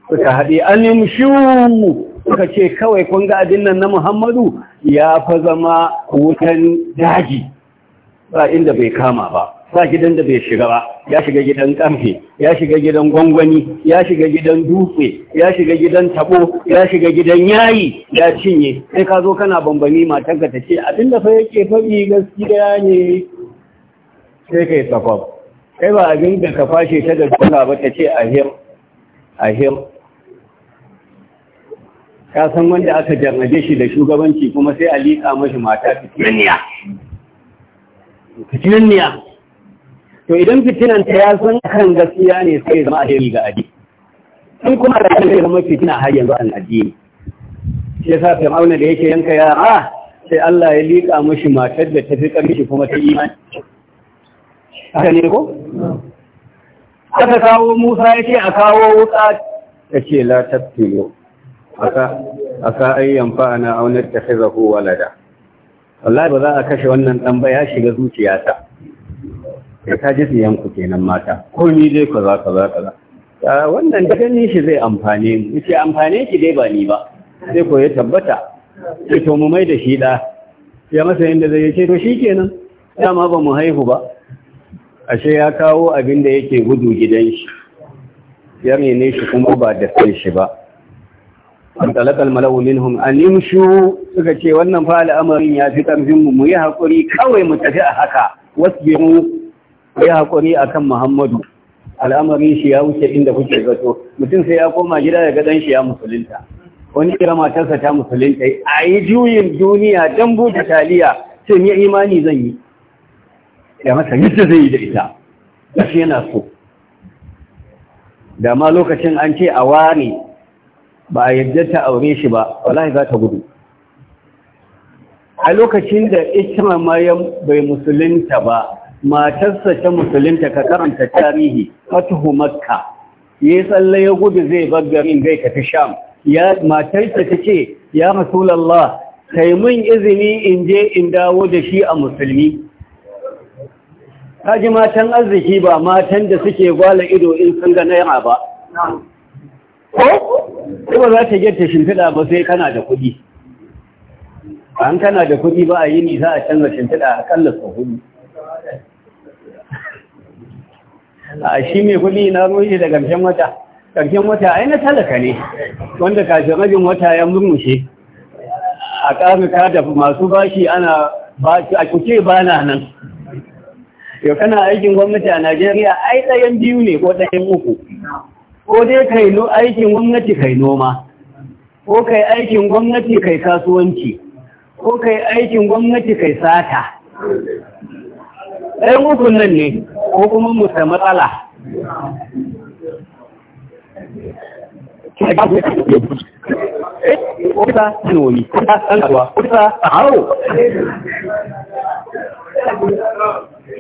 Speaker 1: suka haɗe alim mu. suka ce kawai kun ga abin nan na muhammadu ya fa zama wutan daji ba inda bai kama ba ba gidan da bai shiga ba ya shiga gidan kamfe ya shiga gidan gwangwani ya shiga gidan dutse ya shiga gidan tabo ya shiga gidan yayi ya cinye sai ka zo kana bambami matanka ta ce abinda fa yake faɗi gaskiya ne sai kai tsakwab kai ba abin da ka fashe ta da suna ba ta ce ahir ahir ka san wanda aka jarnaje shi da shugabanci kuma sai a liƙa mashi mata fitinan niya to idan ta ya san kan gaskiya ne sai zama ahiri ga adi Sun kuma da zai zama fitina har yanzu an addini shi yasa fir'auna da yake yanka yara sai Allah ya liƙa mashi matar da ta fi ƙarfi kuma ta imani haka ne ko aka kawo musa ya ce a kawo wuta ya ce la tattilo aka ayyan fa'ana aunar ta fi zaho walada wallahi ba za a kashe wannan ɗan ba ya shiga zuciya ta. ya ta ji tsiyanku kenan mata ko ni dai ka za ka za ka za wannan da ganin shi zai amfane mu ce amfane shi dai ba ni ba sai ko ya tabbata sai to mu mai da shi da ya masa yadda zai ce to shi kenan? dama ba mu haihu ba ashe ya kawo abin da yake gudu gidan shi ya mene shi kuma ba da san shi ba an talakal malawu minhum an yimshu suka ce wannan fa al'amarin ya fi karfin mu yi hakuri kawai mu tafi a haka wasbiru yi hakuri akan muhammadu al'amarin shi ya wuce inda kuke zato mutum sai ya koma gida ya ga dan shi ya musulunta wani kira matarsa ta musulunta a yi juyin duniya dan buɗe taliya sai ni imani zan yi ya masa yadda zai yi da ita shi yana so da lokacin an ce a ware ba a yadda ta aure shi ba wallahi za ta gudu a lokacin da ma ya bai musulunta ba matarsa ta musulunta ka karanta tarihi fatuhu makka ya tsalle ya gudu zai bar bai ka ta sham ya matarsa ta ce ya rasulallah kai mun izini in je in dawo da shi a musulmi kaji matan arziki ba matan da suke gwala ido in sun ga naira ba
Speaker 2: ko
Speaker 1: ba za ta gyarta shimfiɗa ba sai kana da kuɗi an kana da kuɗi ba a yi nisa a canza shimfiɗa a kalla sau hudu a shi mai kuɗi na ruhi da ƙarshen wata ƙarshen wata ai na talaka ne wanda kafin rabin wata ya murmushe a ƙarfi da masu bashi ana ba a kuce ba na nan yau kana aikin gwamnati a Najeriya ai ɗayan biyu ne ko ɗayan uku ko dai kai aikin gwamnati kai noma ko kai aikin gwamnati kai kasuwanci ko kai aikin gwamnati kai sata ɗayan uku nan ne ko kuma mu samu matsala
Speaker 2: kusa nomi kusa a hau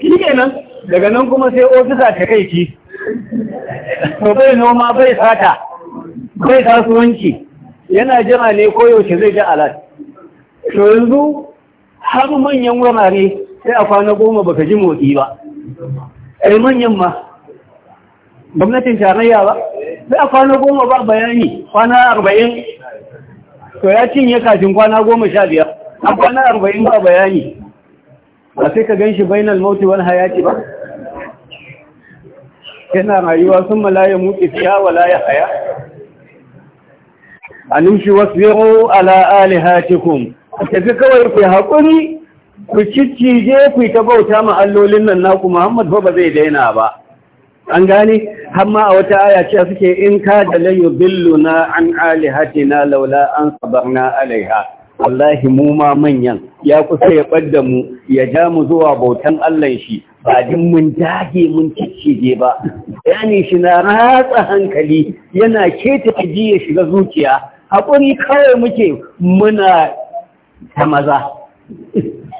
Speaker 2: shi kenan
Speaker 1: daga nan kuma sai ofisa ta kai ki to bai noma bai sata bai kasuwanci yana jira ne koyaushe zai ji alat to yanzu har manyan wurare sai a kwana goma baka ji motsi ba ai manyan ma gwamnatin tarayya ba sai a kwana goma ba bayani kwana arba'in to ya cinye kafin kwana goma sha biyar a kwana arba'in ba bayani ba sai ka gan shi bainal mauti wal hayati ba yana rayuwa sun malaya muke fiya wala ya haya a wasu, wasbiru ala alihatikum fi kawai ku haƙuri ku je ku ta bauta ma allolin nan naku muhammad ba ba zai daina ba an gane hamma a wata aya ce suke in ka da layu billuna an alihatina laula an sabarna alaiha wallahi mu ma manyan ya kusa ya ɓadda mu ya ja mu zuwa bautan Allah shi ba jin mun dage mun ciccije ba yani shi na ratsa hankali yana keta ji ya shiga zuciya haƙuri kawai muke muna ta maza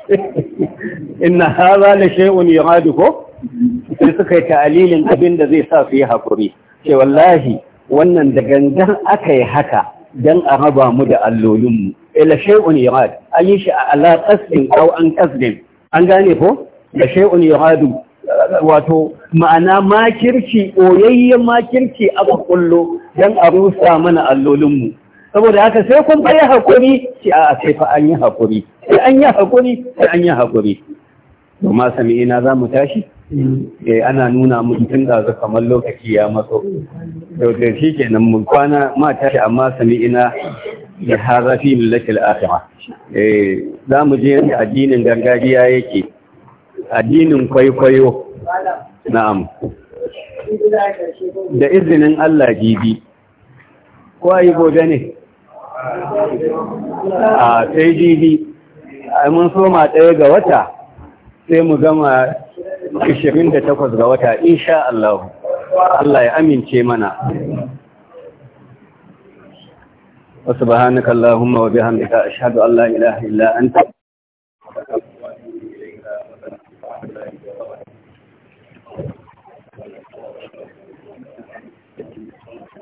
Speaker 1: inna haza la shay'un yuradu ko sai suka yi ta'alilin abin da zai sa su yi haƙuri ce wallahi wannan da gangan aka yi haka don a raba mu da allolinmu la shay'un yurad an yi shi ala qasdin aw an qasdin an gane ko la shay'un yuradu wato ma'ana makirci oyayyen makirci aka kullo dan a rusa mana allolinmu saboda haka sai kun bai hakuri ci a sai fa an yi hakuri sai an yi hakuri sai an yi hakuri to ma sami ina za mu tashi eh ana nuna mu tun da za kamar lokaci ya matso to da shi kenan mun kwana ma tashi amma sami ina da harafi fi al'afira eh za mu je addinin gargajiya yake addinin kwaikwayo na'am da izinin Allah jibi yi gobe ne
Speaker 2: a sai
Speaker 1: jibi mun soma ɗaya ga wata sai mu gama 28 ga wata insha Allah Allah ya amince mana wasu ba hannukan Allahumma wa biya hamdika, ashadu Allah
Speaker 2: ila'ila'anta.